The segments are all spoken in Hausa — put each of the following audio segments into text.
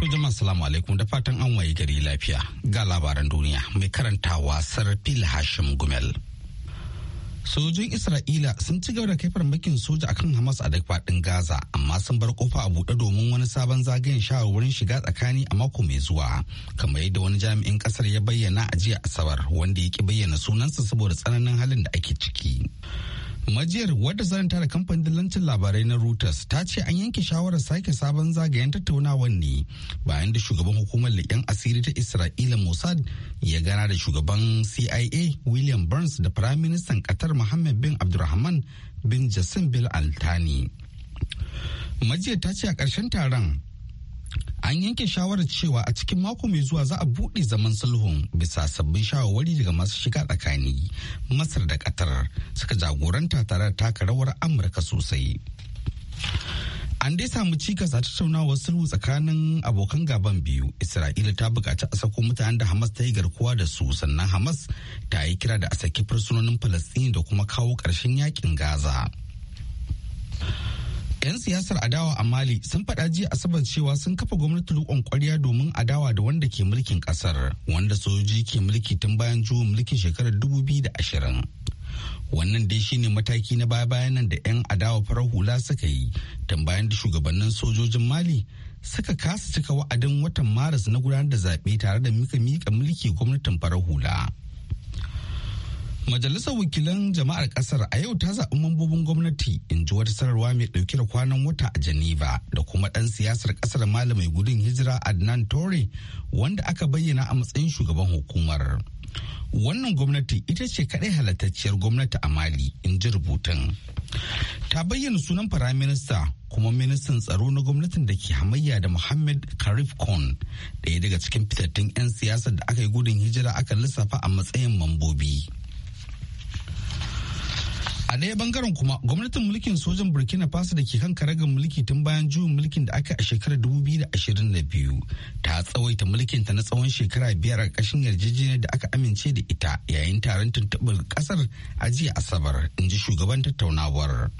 To jama'a salamu alaikum da fatan an waye gari lafiya ga labaran duniya mai karantawa sarfil hashim gumel. Sojojin Isra'ila sun ci gaba da kai farmakin soja akan Hamas a duk Gaza amma sun bar kofa a buɗe domin wani sabon zagayen shawarwarin shiga tsakani a mako mai zuwa kamar yadda wani jami'in ƙasar ya bayyana a jiya Asabar wanda ya ki bayyana sunansa saboda tsananin halin da ake ciki. majiyar wadda zaranta da kamfanin dillancin labarai na reuters ta ce an yanke shawarar sake sabon zagayen tattaunawar ne bayan da shugaban hukumar leƙen asiri ta isra'ila mossad ya gana da shugaban cia william burns da firaministan qatar mohammed bin abdulrahman bin jassim bil altani majiyar ta ce a ƙarshen taron an yanke shawarar cewa a cikin mako mai zuwa za a buɗe zaman sulhun bisa sabbin shawarwari daga masu shiga tsakani masar da qatar suka jagoranta tare da taka rawar amurka sosai an dai samu cikas a tattaunawar sulhu tsakanin abokan gaban biyu isra'ila ta buƙaci a sako mutanen da hamas ta yi garkuwa da su sannan hamas ta yi kira da a saki fursunonin falastin da kuma kawo ƙarshen yakin gaza 'Yan siyasar adawa a Mali sun faɗa jiya Asabar cewa sun kafa gwamnati rukun ƙwarya domin adawa da wanda ke mulkin ƙasar, wanda sojoji ke mulki tun bayan juyin mulkin shekarar dubu biyu da ashirin. Wannan dai shine mataki na baya-bayan nan da 'yan adawa farar hula suka yi tun bayan da shugabannin sojojin Mali suka kasa cika wa'adin watan Maris na gudanar da zaɓe tare da mika mika mulki gwamnatin farar hula. Majalisar Wakilan Jama'ar Ƙasar a yau ta zaɓi mambobin gwamnati in ji wata sanarwa mai ɗauke da kwanan wata a Geneva da kuma ɗan siyasar ƙasar malamai gudun hijira Adnan Tore wanda aka bayyana a matsayin shugaban hukumar. Wannan gwamnati ita ce kaɗai halattacciyar gwamnati a Mali in ji rubutun. Ta bayyana sunan Firaminista kuma ministan tsaro na gwamnatin da ke hamayya da Muhammad Karif Khan ɗaya daga cikin fitattun 'yan siyasar da aka yi gudun hijira aka lissafa a matsayin mambobi. a ɗaya bangaren kuma gwamnatin mulkin sojan burkina faso da ke kan karagar mulki tun bayan juyin mulkin da aka a shekarar 2022 ta tsawaita mulkin ta na tsawon shekara biyar a ƙashin yarjejeniyar da aka amince da ita yayin taron tuntuɓar ƙasar a jiya asabar in ji shugaban tattaunawar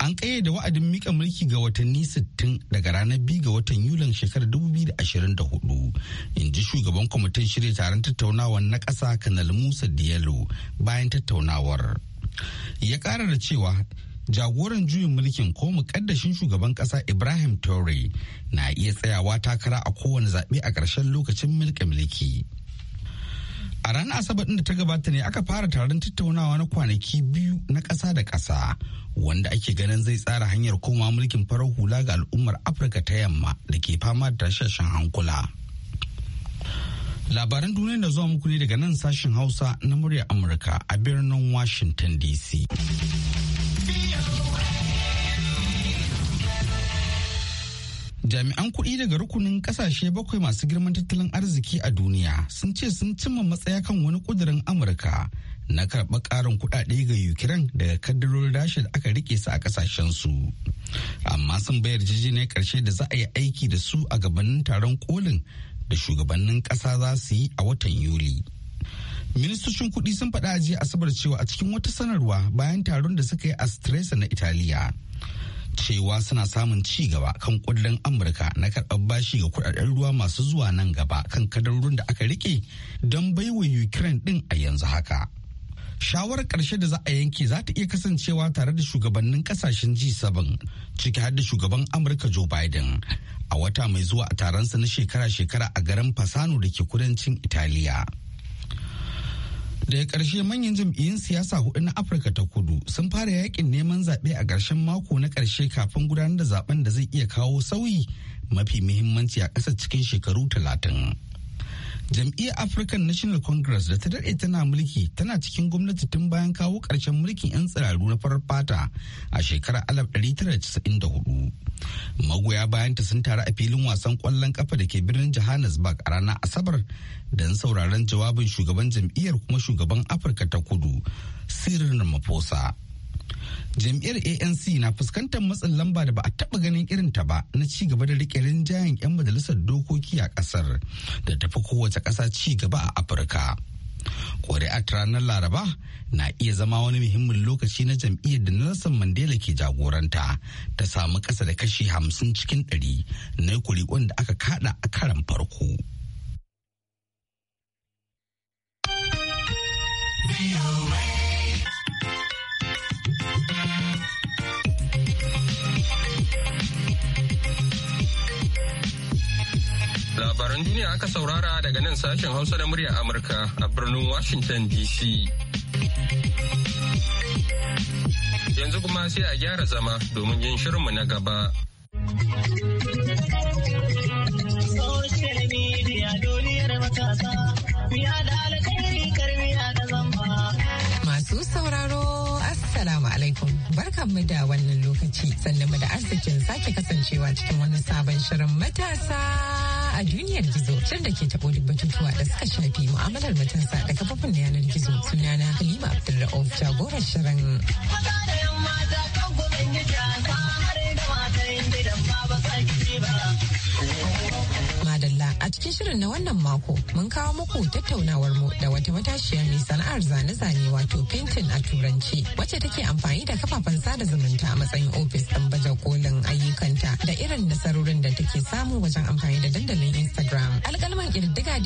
an ƙayyade wa'adin mika mulki ga watanni sittin daga ranar biyu ga watan yulin shekarar 2024 in ji shugaban kwamitin shirya taron tattaunawar na ƙasa kanal musa Diyalo bayan tattaunawar ya kara da cewa jagoran juyin mulkin ko mukaddashin shugaban kasa ibrahim Traore na iya tsayawa takara a kowane zaɓe a ƙarshen lokacin mulke mulki a ranar asabar da ta gabata ne aka fara taron tattaunawa na kwanaki biyu na ƙasa da ƙasa wanda ake ganin zai tsara hanyar komawa mulkin farar hula ga al'ummar afirka ta yamma da ke fama da tashashen hankula. Labaran duniya na zuwa muku ne daga nan sashen Hausa na murya Amurka a birnin Washington DC. Jami'an kuɗi daga rukunin ƙasashe bakwai masu girman tattalin arziki a duniya sun ce sun cimma matsaya kan wani ƙudurin Amurka na karɓar ƙarin kuɗaɗe ga Ukraine daga kaddarorin Rasha da aka rike su a su. Amma sun bayar ne ƙarshe da za a yi aiki da su a gabanin taron kolin da shugabannin ƙasa za su yi a watan Yuli. Ministocin kuɗi sun faɗa a jiya Asabar cewa a cikin wata sanarwa bayan taron da suka yi a Stresa na Italiya. Cewa suna samun ci gaba kan kudin Amurka na karɓar bashi ga kudaden ruwa masu zuwa nan gaba kan kadarurun da aka rike don baiwa Ukraine ɗin a yanzu haka. shawarar ƙarshe da za a yanke za ta iya kasancewa tare da shugabannin kasashen G7 ciki har da shugaban Amurka Joe Biden a wata mai zuwa a taronsa na shekara-shekara a garin Fasano da ke kudancin Italiya. Daga ƙarshe manyan jam'iyyun siyasa hudu na Afirka ta kudu sun fara yakin neman zaɓe a ƙarshen mako na ƙarshe kafin gudanar da zaben da zai iya kawo sauyi mafi muhimmanci a ƙasa cikin shekaru talatin. jam'iyyar african national congress da ta dade tana mulki tana cikin gwamnati tun bayan kawo ƙarshen mulkin 'yan tsiraru na farar fata a shekarar hudu. magoya bayanta sun taru a filin wasan kwallon kafa da ke birnin johannesburg a ranar asabar don sauraron jawabin shugaban jam'iyyar kuma shugaban afirka ta kudu sirrin ramaphosa jam'iyyar anc na fuskantar matsin lamba da ba a taɓa ganin irin ta ba na ci gaba da rike rinjayen 'yan majalisar dokoki a ƙasar da tafi kowace ƙasa ci gaba a afirka a ranar laraba na iya zama wani muhimmin lokaci na jam'iyyar da nelson mandela ke jagoranta ta samu kasa da kashi hamsin cikin ɗari na kuri'un da aka kada a karan farko. labaran duniya aka saurara daga nan sashen Hausa da murya Amurka a birnin Washington DC. Yanzu kuma sai a gyara zama domin yin shirinmu na gaba. Masu sauraro Assalamu alaikum barkanmu da wannan lokaci sannan da arzikin sake kasancewa cikin wani sabon shirin matasa yanar gizo shirin da ke taɓo duk batutuwa da suka shafi mu'amalar matasa da kafofin na yanar gizo sunana Halima Abdulra'uf jagorar shirin. a cikin shirin na wannan mako mun kawo muku tattaunawar mu da wata matashiya mai sana'ar zane-zane wato painting a turanci wacce take amfani da kafafen sada zumunta a matsayin ofis ɗin baje kolin ayyukanta da irin nasarorin da take samu wajen amfani da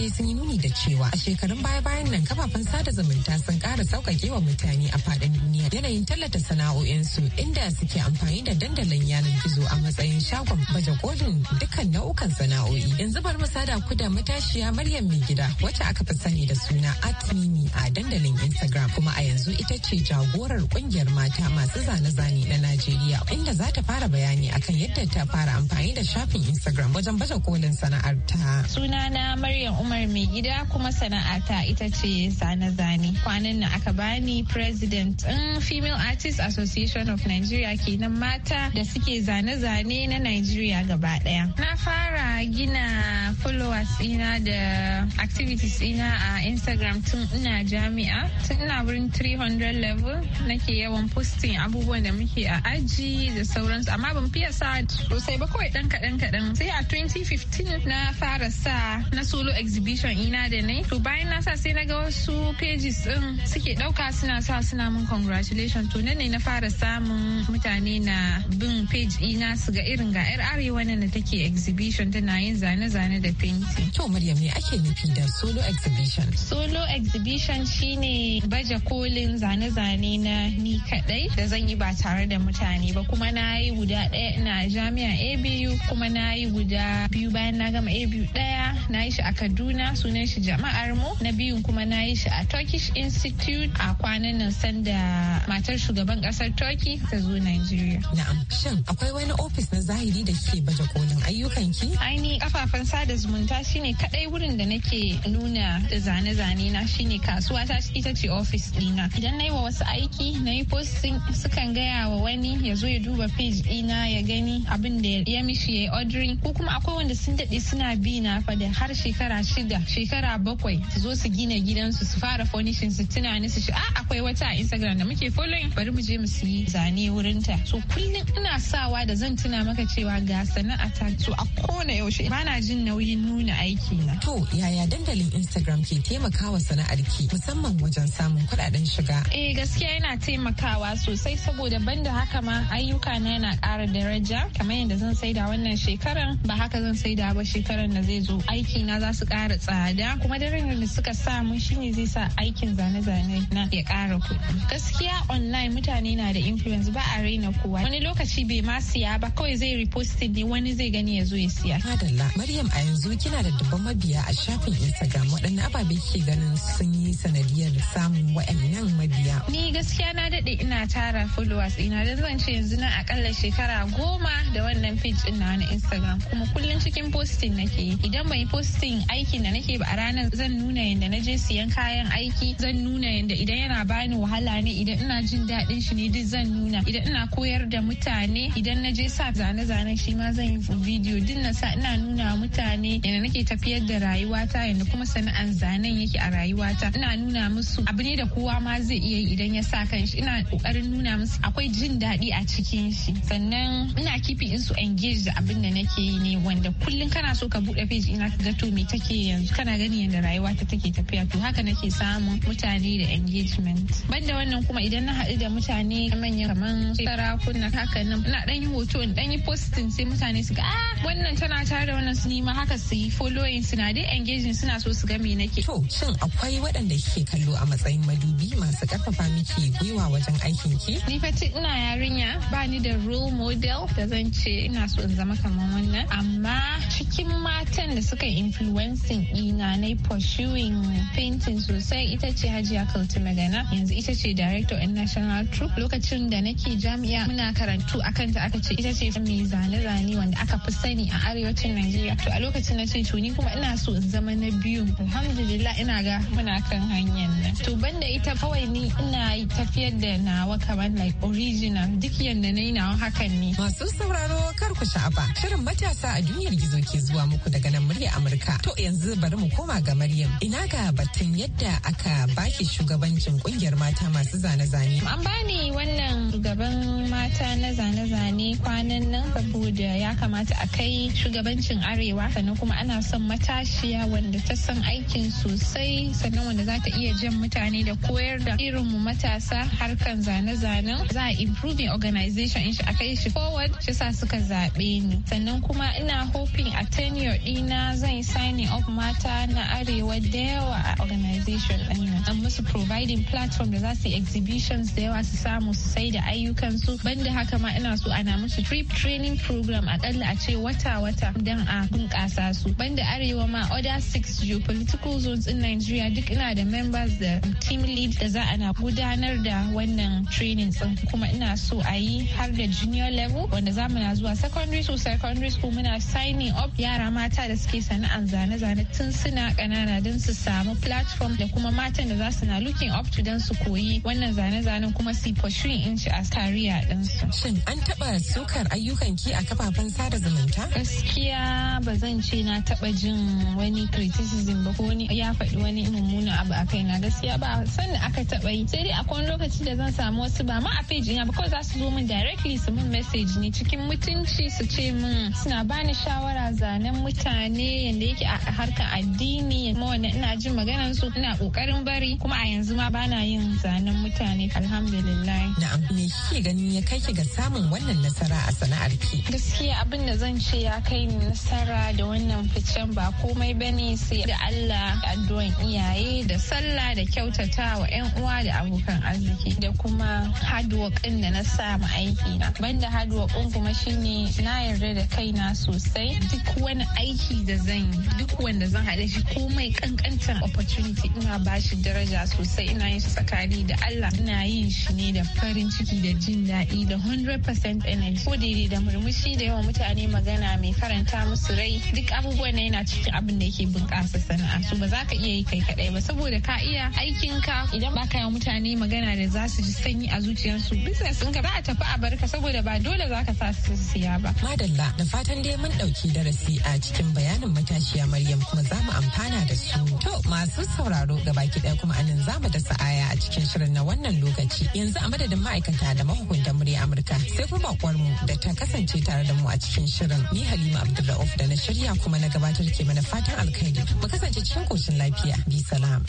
dai sun yi nuni da cewa a shekarun baya-bayan nan kafafen sada zumunta sun ƙara sauƙaƙe wa mutane a faɗin yanayin tallata sana'o'insu inda suke amfani da dandalin yanar gizo a matsayin shagon baje kolin dukkan nau'ukan sana'o'i. Yanzu bar masada kuda matashiya Maryam mai gida wacce aka fi sani da suna Atmimi a dandalin Instagram kuma a yanzu ita ce jagorar kungiyar mata masu zane-zane na Najeriya inda za ta fara bayani akan yadda ta fara amfani da shafin Instagram wajen baje kolin sana'ar ta. Sunana Maryam Umar mai gida kuma sana'ata ita ce zane-zane. Kwanan na aka bani president ɗin Female Artists Association of Nigeria kenan mata da suke zane-zane na Nigeria gaba daya. Na fara gina followers ina da activities ina a Instagram tun ina jami'a tun ina wurin 300 level nake yawan posting abubuwan da muke a aji da sauransu amma ban fiye sa sosai ba kawai dan kaɗan kaɗan sai a 2015 na fara sa na solo exhibition ina da ne to bayan na sa sai na ga wasu pages din suke ɗauka suna sa suna mun congratulations congratulations to nan ne na fara samun mutane na bin page ina su ga irin ga yar arewa na take exhibition tana yin zane-zane da painting. To Maryam ne ake nufi da solo exhibition? Solo exhibition shine baje kolin zane-zane na ni kadai da zan yi ba tare da mutane ba kuma na yi guda ɗaya na jami'a ABU kuma na yi guda biyu bayan na gama ABU ɗaya na yi shi a Kaduna sunan shi jama'ar mu na biyun kuma na yi shi a Turkish Institute a kwanan nan sanda matar shugaban kasar turkey ta zo nigeria na'am shin akwai wani ofis na zahiri da ke baje kolin ayyukanki aini kafafen sada zumunta shine kadai wurin da nake nuna da zane-zane na shine kasuwa ta ita ce ofis dina idan na yi wa wasu aiki na yi posting sukan gaya wa wani ya zo ya duba page dina ya gani abin da ya mishi ya yi ko kuma akwai wanda sun daɗe suna bi na fa da har shekara shida shekara bakwai su zo su gina gidansu su fara fonishin su tunani su shi a ah, akwai wata a instagram da muke ke following bari mu je mu siyi zane wurin ta so kullum ina sawa da zan tuna maka cewa ga sana'a ta so a kona yaushe bana jin nauyin nuna aiki na to yaya dandalin Instagram ke taimakawa sana'arki ki musamman wajen samun kuɗaɗen shiga eh gaskiya yana taimakawa sosai saboda banda haka ma ayyuka na yana kara daraja kamar yadda zan saida wannan shekaran ba haka zan saida ba shekaran da zai zo aiki na za su ƙara tsada kuma darajar da suka sa mun shine zai sa aikin zane-zane na ya ƙara kuɗi gaskiya gaskiya online mutane na da influence ba a raina kowa wani lokaci bai ma siya ba kawai zai reposted ne wani zai gani ya zo ya siya madalla maryam a yanzu kina da dubban mabiya a shafin instagram waɗanne ababe kike ganin sun yi sanadiyar samun waɗannan mabiya ni gaskiya na daɗe ina tara followers ina da zan ce yanzu na akalla shekara goma da wannan page ɗin na instagram kuma kullum cikin posting nake yi idan bai posting aikin da nake ba a ranar zan nuna yadda na je siyan kayan aiki zan nuna yadda idan yana bani wahala ne idan ina jin daɗin shi ne duk zan nuna idan ina koyar da mutane idan na je sa zane zane shi ma zan yi bidiyo duk na sa ina nuna mutane yana nake tafiyar da rayuwata yanda kuma sana'an zanen yake a rayuwata ina nuna musu abu ne da kowa ma zai iya yi idan ya sa kan shi ina kokarin nuna musu akwai jin daɗi a cikin shi sannan ina kifi in su engage da abin da nake yi ne wanda kullum kana so ka buɗe page ina ka ga to me take yanzu kana gani yanda rayuwata take tafiya to haka nake samun mutane da engagement banda wannan kuma idan na haɗu da mutane manyan kaman sarakuna haka nan na ɗan yi hoto in ɗan yi posting sai mutane su ga ah, wannan tana tare da wannan su nima haka su yi following suna dai engaging suna so su ga me nake. To shin akwai waɗanda kike kallo a matsayin madubi masu ƙarfafa miki gwiwa wajen aikin ki? Ni fa ina yarinya ba ni da role model da zan ce ina so in zama kaman wannan amma cikin matan da suka influencing ina na pursuing painting sosai ita ce Hajiya kalti Magana yanzu ita ce director 'yan national troop lokacin da nake jami'a muna karantu akan ta aka ce ita ce mai zane-zane wanda aka fi sani a arewacin najeriya to a lokacin na ce to ni kuma ina so in zama na biyu alhamdulillah ina ga muna kan hanyar nan to banda ita kawai ni ina tafiyar da nawa kamar like original duk yanda na yi nawa hakan ne masu sauraro kar ku sha'aba shirin matasa a duniyar gizo ke zuwa muku daga nan murya amurka to yanzu bari mu koma ga maryam ina ga batun yadda aka baki shugabancin kungiyar mata masu zane zane-zane. An bani wannan shugaban mata na zane-zane kwanan nan saboda ya kamata a kai shugabancin arewa sannan kuma ana son matashiya wanda ta san aikin sosai sannan wanda za ta iya jan mutane da koyar da irin irinmu matasa harkan zane-zanen za a improving organization in a kai shi forward shi sa suka zaɓe ni sannan kuma ina hoping a tenure ɗina zan signing up mata na arewa da yawa a organization ɗin nan an musu providing platform da za su yi exhibition institutions da yawa su samu su sai da ayyukansu banda haka ma ina so ana musu trip training program akalla a ce wata-wata don a bunƙasa su banda arewa ma other six geopolitical zones in Nigeria duk ina da members da team lead da za a gudanar da wannan training din kuma ina so a yi har da junior level wanda za na zuwa secondary school secondary school muna signing up yara mata da suke sana'an zane-zane tun suna ƙanana don su samu platform da kuma matan da za su na looking up to don su koyi wannan zane-zanen kuma su pursuing inci a kariya ɗinsu. Shin an taɓa sukar ayyukan ki a kafafen sada zumunta? Gaskiya ba zan ce na taɓa jin wani criticism ba ko wani ya faɗi wani mummunan abu a kaina gaskiya ba sanda aka taɓa yi. Sai dai akwai wani lokaci da zan samu wasu ba ma a page ina ba kawai za su zo min directly su min message ne cikin mutunci su ce min suna bani shawara zanen mutane yadda yake a harkar addini kuma wannan ina jin maganar su ina kokarin bari kuma a yanzu ma bana yin zanen mutane. mutane ne alhamdulillah. Na'am me shi ganin ya kai ki ga samun wannan nasara a sana'ar ki? Gaskiya abin da zan ce ya kai ni nasara da wannan ficen ba komai bane sai da Allah addu'an iyaye da sallah da kyautata wa 'yan uwa da abokan arziki da kuma hard work da na sa ma aiki na. Banda hard work kuma kuma shine na yarda da kaina sosai duk wani aiki da zan yi duk wanda zan haɗa shi komai kankantan opportunity ina bashi daraja sosai ina yin tsakani da Allah ina yin shi ne da farin ciki da jin daɗi da 100% energy ko daidai da murmushi da yawan mutane magana mai faranta musu rai duk abubuwan na yana cikin abin da yake bunƙasa sana'a su ba za ka iya yi kai kaɗai ba saboda ka iya aikin ka idan ba ka yi mutane magana da za su ji sanyi a zuciyarsu business ka za a tafi a ka saboda ba dole za ka sa su siya ba. Madalla da fatan dai mun ɗauki darasi a cikin bayanin matashiya Maryam kuma za mu amfana da su. To masu sauraro gabaki ɗaya kuma anan za mu da sa'aya a cikin shirin na wannan wannan lokaci yanzu a madadin ma'aikata da mahukuntan murya Amurka sai kuma mu da ta kasance tare da mu a cikin shirin ni Halima Abdulrauf da na shirya kuma na gabatar ke mana fatan alkhairi mu kasance cikin koshin lafiya bi salam.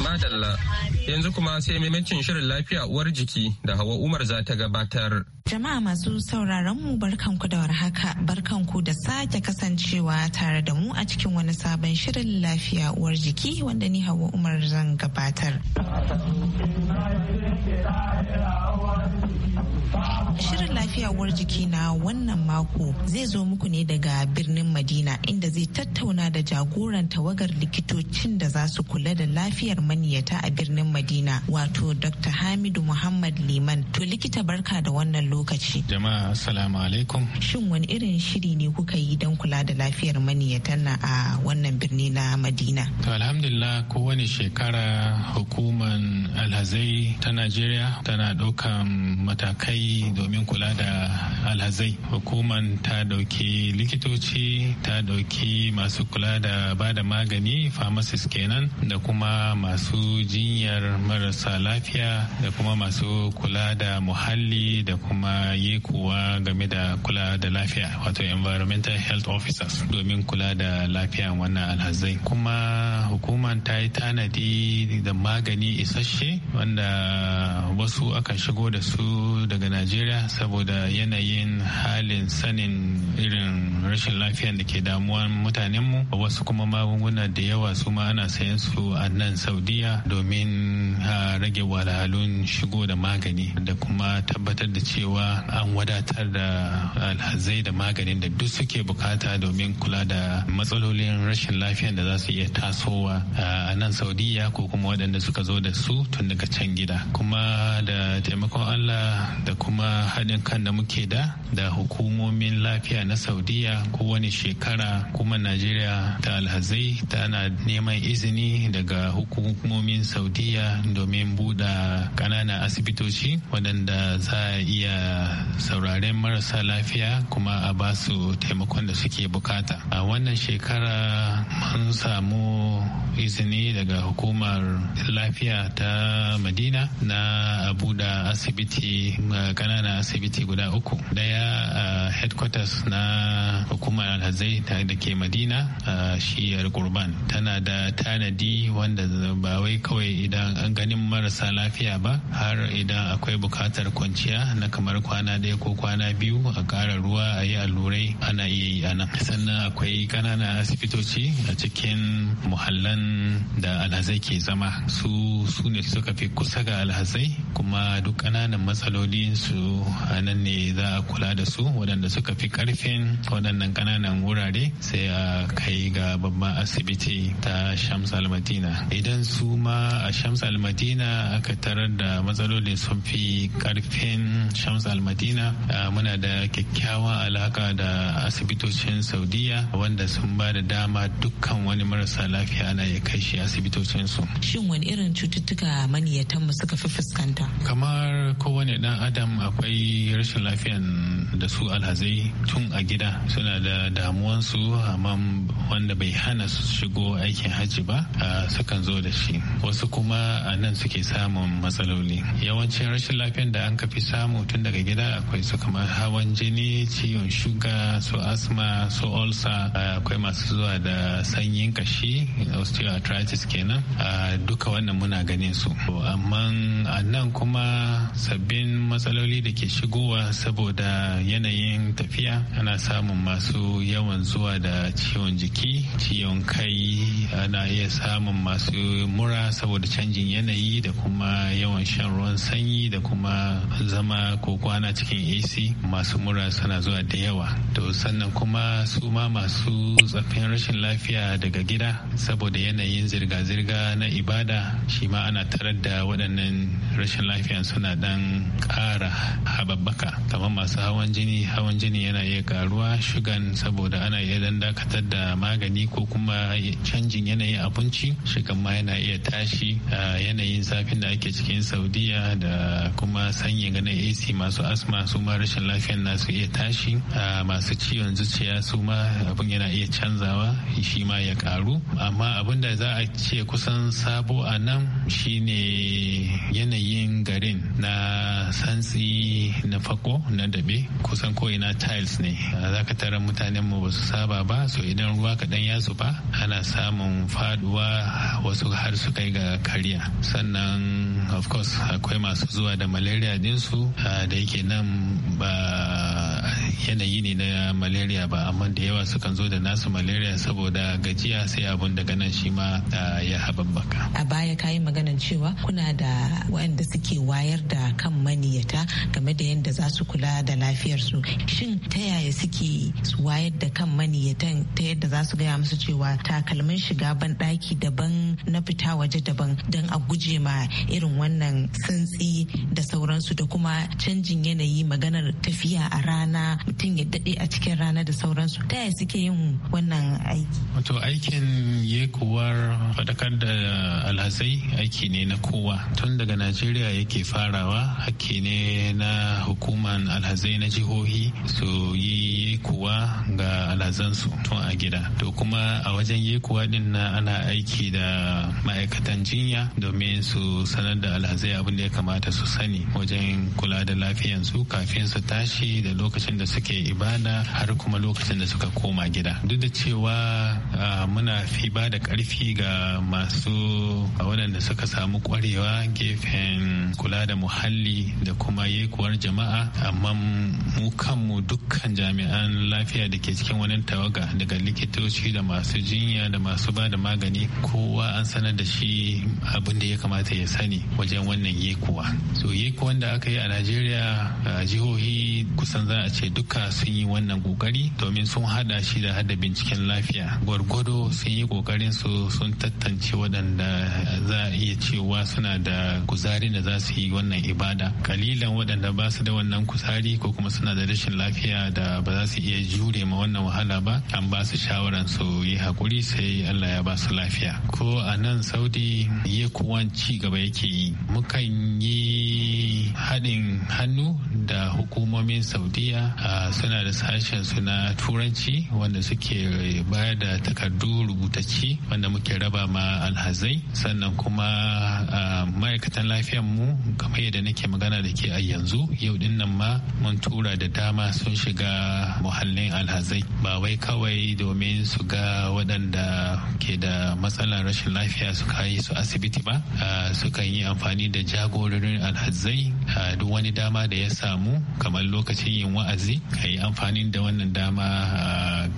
Madalla yanzu kuma sai maimacin shirin lafiya uwar jiki da hawa Umar za ta gabatar. Jama'a masu sauraron mu barkanku da warhaka barkanku da sake kasancewa tare da mu a cikin wani sabon shirin lafiya uwar jiki wanda ni hawa Umar zan gabatar. Shirin lafiya jiki na wannan mako zai zo muku ne daga birnin Madina inda zai tattauna da jagoran tawagar likitocin da za su kula da lafiyar maniyata a birnin Madina wato Dr. Hamidu Muhammad Liman. To likita barka da wannan lokaci. Jama'a assalamu alaikum. Shin wani irin shiri ne kuka yi don kula da lafiyar maniyatan na a wannan birni na Madina? To alhamdulillah kowane shekara hukumar alhazai ta Najeriya tana ɗaukan matakai yi domin kula da alhazai hukuman ta dauki likitoci ta dauki masu kula da ba da magani pharmacist kenan da kuma masu jinyar marasa lafiya da kuma masu kula da muhalli da kuma yi kuwa game da kula da lafiya wato environmental health officers domin kula da lafiya wannan alhazai kuma hukuman ta yi tanadi da magani isasshe wanda wasu aka shigo da su daga najeriya saboda yanayin halin sanin irin rashin lafiyan da ke damuwan mutanenmu wasu kuma magunguna da yawa su ma ana sayan su a nan saudiya domin rage walhalun shigo da magani da kuma tabbatar da cewa an wadatar da alhazai da maganin da duk suke bukata domin kula da matsalolin rashin lafiyan da za su iya tasowa a nan saudiya ko kuma waɗanda suka zo da su tun daga can gida kuma da taimakon allah da kuma haɗin kan da muke da da hukumomin lafiya na saudiya kowane shekara kuma najeriya ta alhazai tana neman izini daga hukumomin saudiya domin buɗe ƙananan asibitoci waɗanda za a iya sauraren marasa lafiya kuma a ba su taimakon da suke bukata a wannan shekara mun samu izini daga hukumar lafiya ta madina na abu da asibiti eh, kanana asibiti guda uku daya headquarters na hukumar alhazai da ke madina shiyar kurban tana da tanadi wanda ba wai kawai idan an ganin marasa lafiya ba har idan akwai bukatar kwanciya na kamar kwana daya ko kwana biyu a kara ruwa a yi allurai ana iya yi ana sannan akwai kanana asibitoci a cikin muhallan da alhazai ke zama su su ne suka fi kusa ga alhazai kuma duk ƙananan matsaloli su a nan ne za a kula da su waɗanda suka fi karfin waɗannan ƙananan wurare sai a kai ga babban asibiti ta shams almadina idan su ma a shams almadina aka tarar da matsalolin sun fi karfin shams almadina muna da kyakkyawan alaka da asibitocin saudiya wanda sun ba da dama dukkan wani marasa lafiya ana ya kai shi asibitocin su shin wani irin cututtuka maniyatan mu suka fi fuskanta kamar kowane dan adam tam akwai rashin lafiyan da su alhazai tun a gida suna da damuwansu amma wanda bai hana su shigo aikin hajji ba sukan zo da shi wasu kuma a nan suke samun matsaloli yawancin rashin lafiyan da an kafi samu tun daga gida akwai su kamar hawan jini ciwon shuga su asma su ulcer akwai masu zuwa da sanyin kashi osteoarthritis kenan duka wannan muna ganin su amma a nan kuma sabbin matsaloli matsaloli da ke shigowa saboda yanayin tafiya ana samun masu yawan zuwa da ciwon jiki ciwon kai ana iya samun masu mura saboda canjin yanayi da kuma yawan shan ruwan sanyi da kuma zama ko kwana cikin ac masu mura suna zuwa da yawa to sannan kuma su ma masu tsafin rashin lafiya daga gida saboda yanayin zirga-zirga na ibada shi ma ana tarar da waɗannan rashin lafiya suna dan ƙara ƙara hababbaka kamar masu hawan jini hawan jini yana iya karuwa shugan saboda ana iya dan dakatar da magani ko kuma canjin yanayin abinci shugan ma yana iya tashi yanayin zafin da ake cikin saudiya da kuma sanyi ganin ac masu asma su ma rashin lafiyar nasu iya tashi masu ciwon zuciya su ma abin yana iya canzawa shi ma ya karu amma abin da za a ce kusan sabo a nan shine yanayin garin na sansa. yi na fako na dabe kusan ko ina tiles ne za ka tara mutanen mu su saba ba so idan ruwa kaɗan ya zuba ana samun faduwa wasu har su kai ga kariya sannan of course akwai masu zuwa da malaria dinsu ah, da yake nan ba yanayi ne na malaria ba amma da yawa sukan zo da nasu malaria saboda gajiya sai abun daga nan shi ma ya hababbaka a baya kayi maganan cewa kuna da waɗanda suke wayar da kan maniyata game da yadda za su kula da lafiyarsu shin ta yaya suke wayar da kan maniyatan ta yadda za su gaya musu cewa takalmin shiga ban ɗaki daban na fita waje daban don a guje ma irin wannan santsi da sauransu da kuma canjin yanayi maganar tafiya a rana mutum ya daɗe a cikin rana da sauransu ta yaya suke yin wannan aiki wato aikin yekuwar faɗakar da alhazai aiki ne na kowa tun daga najeriya yake farawa hakki ne na hukuman alhazai na jihohi su yi yekuwa ga alhazansu tun a gida to kuma a wajen yekuwa din na ana aiki da ma'aikatan jinya domin su sanar da alhazai abin da ya kamata su sani wajen kula da lafiyansu kafin su tashi da lokacin da suke suke ibada har kuma lokacin da suka koma gida duk da cewa muna fi ba da karfi ga masu waɗanda suka samu kwarewa gefen kula da muhalli da kuma yekuwar jama'a amma mu kanmu dukkan jami'an lafiya da ke cikin wani tawaga daga likitoci da masu jinya da masu ba da magani kowa an sanar da shi abin da ya kamata ya sani wajen wannan yekuwa so yekuwan da aka yi a najeriya jihohi kusan za a ce duk duka sun yi wannan kokari domin sun hada shi da hada binciken lafiya gwargwado sun yi kokarin su sun tantance waɗanda za a iya cewa suna da kuzari da za su yi wannan ibada kalilan waɗanda ba su da wannan kuzari ko kuma suna da rashin lafiya da ba za su iya jure ma wannan wahala ba an ba su shawaran su yi hakuri sai Allah ya ba su lafiya ko a nan saudi ya kuwan ci gaba yake yi mukan yi haɗin hannu da hukumomin saudiya a suna da sashen su na turanci wanda suke bayar da takardu rubutacci wanda muke raba ma alhazai sannan kuma ma'aikatan lafiyar mu kamar yadda nake magana da ke a yanzu yau din nan ma mun tura da dama sun shiga muhallin alhazai ba wai kawai domin su ga waɗanda ke da matsalar rashin lafiya su kayi su asibiti ba sukan yi amfani da jagororin alhazai duk wani dama da ya samu kamar lokacin yin wa'azi a yi amfani da wannan dama a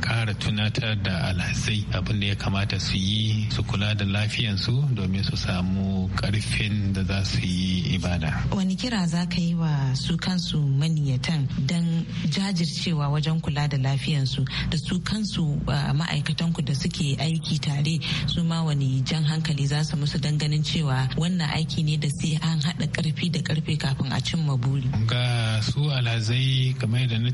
kara tunatar da alhazai abin da ya kamata su yi su kula da lafiyansu domin su samu karfin da za su yi ibada. Wani kira za ka yi wa su kansu maniyatan don jajircewa wajen kula da lafiyansu da su kansu ma'aikatanku da suke aiki tare su ma wani jan hankali za su musu don ganin cewa wannan aiki ne da sai an haɗa karfi da karfe kafin a cimma buri. Ga su alhazai kamar kamar da na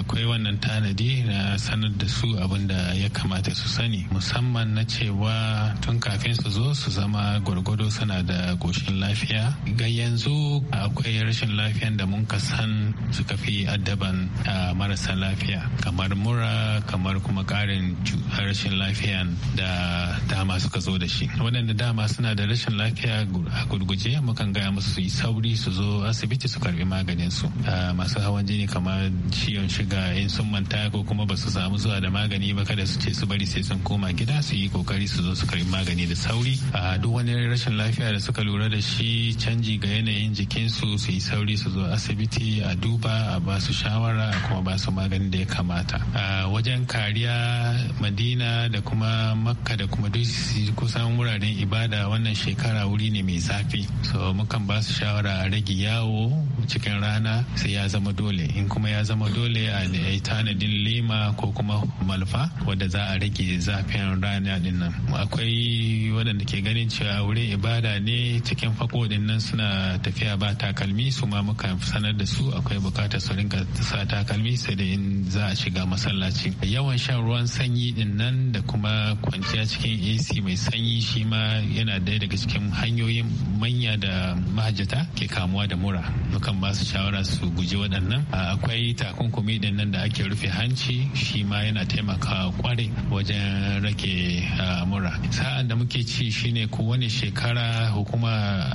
akwai wannan tanadi na sanar da su abin da ya kamata su sani musamman na cewa tun kafin su zo su zama gwargwado suna da goshin lafiya ga yanzu akwai rashin lafiyan da mun ka san suka fi addaban marasa lafiya kamar mura kamar kuma karin rashin lafiyan da dama suka zo da shi waɗanda dama suna da rashin lafiya a gurguje mukan gaya musu su sauri su zo asibiti su karbi maganin su masu hawan jini kamar kama ciwon shiga in sun manta ko kuma ba su samu zuwa da magani ba kada su ce su bari sai sun koma gida su yi kokari su zo su karbi magani da sauri a duk wani rashin lafiya da suka lura da shi canji ga yanayin jikin su yi sauri su zo asibiti a duba a ba su shawara kuma ba su magani da ya kamata a wajen kariya madina da kuma makka da kuma duk kusan wuraren ibada wannan shekara wuri ne mai zafi so mukan ba su shawara a rage yawo cikin rana sai ya zama dole in kuma ya zama dole a yi tanadin lema ko kuma malfa wadda za a rage zafin rana din nan akwai waɗanda ke ganin cewa wurin ibada ne cikin fako din nan suna tafiya ba takalmi su ma muka sanar da su akwai bukatar su rinka sa takalmi sai da in za a shiga masallaci yawan shan ruwan sanyi din nan da kuma kwanciya cikin ac mai sanyi shi ma yana daya daga cikin hanyoyin manya da mahajjata ke kamuwa da mura mukan ba su shawara su guji waɗannan a akwai takunkumi din nan da ake rufe hanci shi ma yana taimakawa kwarai wajen rage mura sa'an da muke ci shine wani shekara hukuma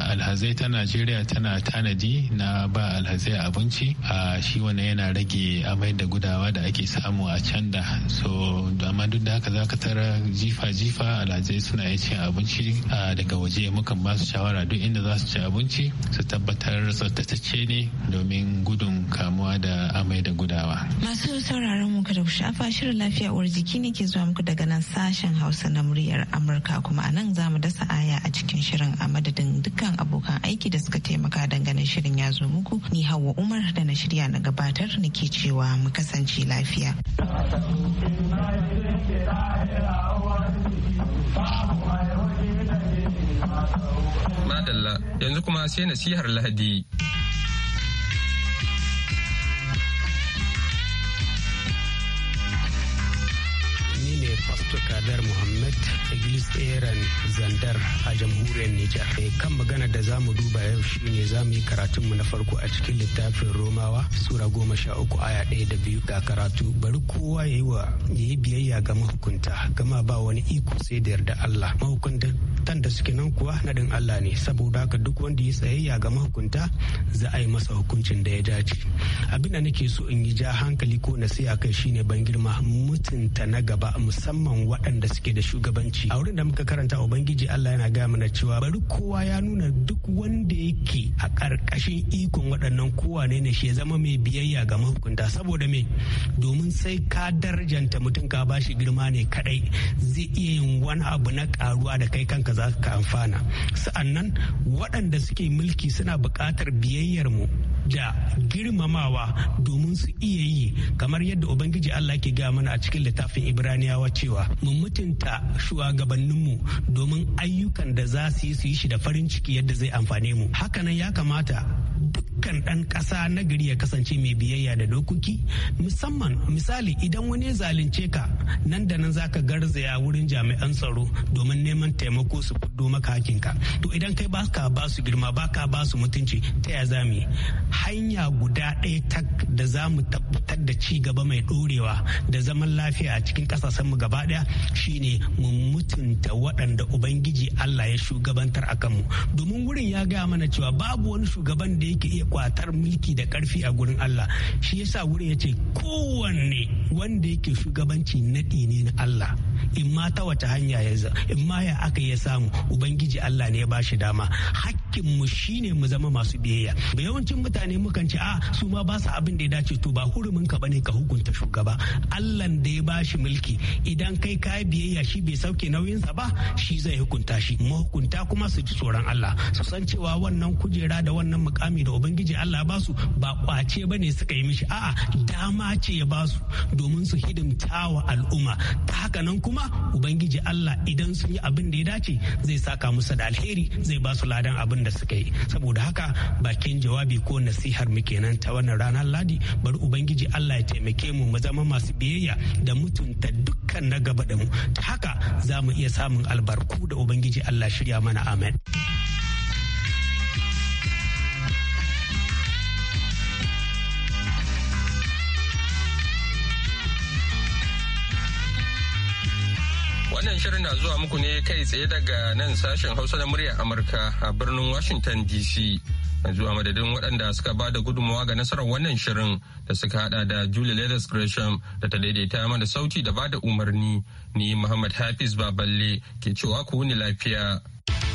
alhazai ta najeriya tana tanadi na ba alhazai abinci a shi wannan yana rage amai da gudawa da ake samu a can da so amma duk da haka za ka tara jifa-jifa alhazai suna iya cin abinci daga waje mukan ba su shawara duk inda za su ci abinci su tabbatar tsaftatacce ne domin gudun kamuwa da amai da gudawa. Masu sauraron mu kada ku shafa shirin lafiya uwar jiki ne ke zuwa muku daga nan sashen Hausa na muryar Amurka kuma anan nan za mu dasa aya a cikin shirin a madadin dukkan abokan aiki da suka taimaka dangane shirin ya zo muku ni Hauwa Umar da na shirya na gabatar nake cewa mu kasance lafiya. yanzu kuma sai nasihar Lahadi. Pastor Kadar Muhammad Iglis Aaron Zandar a jamhuriyar Nijar. Eh, kan magana da za mu duba yau shi ne za mu yi karatunmu na farko a cikin littafin Romawa Sura goma sha uku aya ɗaya da biyu ga karatu. Bari kowa ya yi wa ya yi biyayya ga mahukunta gama ba wani iko sai da yarda Allah. Mahukuntan da suke nan kuwa naɗin Allah ne saboda haka duk wanda ya tsayayya ga mahukunta za a yi masa hukuncin da ya dace. Abin da nake so in yi ja hankali ko nasiha kai shine ban girma mutunta na gaba musamman musamman waɗanda suke da shugabanci a wurin da muka karanta ubangiji Allah yana gaya mana cewa bari kowa ya nuna duk wanda yake a ƙarƙashin ikon waɗannan kowa ne ne shi ya zama mai biyayya ga mahukunta saboda me domin sai ka darjanta mutum ka ba shi girma ne kadai zai iya yin wani abu na ƙaruwa da kai kanka za ka amfana sa'annan waɗanda suke mulki suna buƙatar biyayyar mu da girmamawa domin su iya yi kamar yadda ubangiji Allah ke gaya mana a cikin littafin ibraniyawa cewa mu mutunta shugabanninmu domin ayyukan da za su yi su yi shi da farin ciki yadda zai amfane mu hakanan ya kamata dukkan ɗan ƙasa na gari ya kasance mai biyayya da dokoki musamman misali idan wani ya zalunce ka nan da nan zaka garzaya wurin jami'an tsaro domin neman taimako su fiddo maka ka. to idan kai baka ba su girma baka ba su mutunci ta ya zami hanya guda ɗaya tak da za mu tabbatar da ci gaba mai ɗorewa da zaman lafiya a cikin ƙasashen mu gaba ɗaya shine mu mutunta waɗanda ubangiji Allah ya shugabantar a kanmu domin wurin ya gaya mana cewa babu wani shugaban da yake iya kwatar mulki da ƙarfi a gurin Allah shi yasa wurin ya ce kowanne wanda yake shugabanci na naɗi ne na Allah in ma ta wata hanya ya in ma ya aka ya samu ubangiji Allah ne ya ba shi dama hakkin mu shine mu zama masu biyayya ba yawancin mutane mukan ce a ah, su ma ba su abin da ya dace to ba hurumin ka bane ka hukunta shugaba Allah da ya ba shi mulki idan kai ka biyayya shi bai sauke nauyin sa ba shi zai hukunta shi mu hukunta kuma su ji tsoron Allah su san cewa wannan kujera da wannan mukami da ubangiji Allah ba su ba kwace bane suka yi mishi a'a dama ce ya ba su domin su hidimta wa al'umma ta haka nan kuma ubangiji Allah idan sun yi abin da ya dace zai saka musu da alheri zai ba su ladan abin da suka yi saboda haka bakin jawabi ko nasihar mu kenan ta wannan ranar ladi bari ubangiji Allah ya taimake mu mu zama masu biyayya da mutunta dukkan na gaba da mu ta haka za mu iya samun albarku da ubangiji Allah shirya mana amen. Wannan shirin na zuwa muku ne kai tsaye daga nan sashen Hausa na muryar Amurka a birnin Washington DC. Yanzu zuwa madadin waɗanda suka ba da gudunmawa ga nasarar wannan shirin da suka hada da julia Leathers Gresham da ta daidaita mana sauti da ba da umarni. Ni Muhammad Hafiz Baballe ke cewa ku ne lafiya.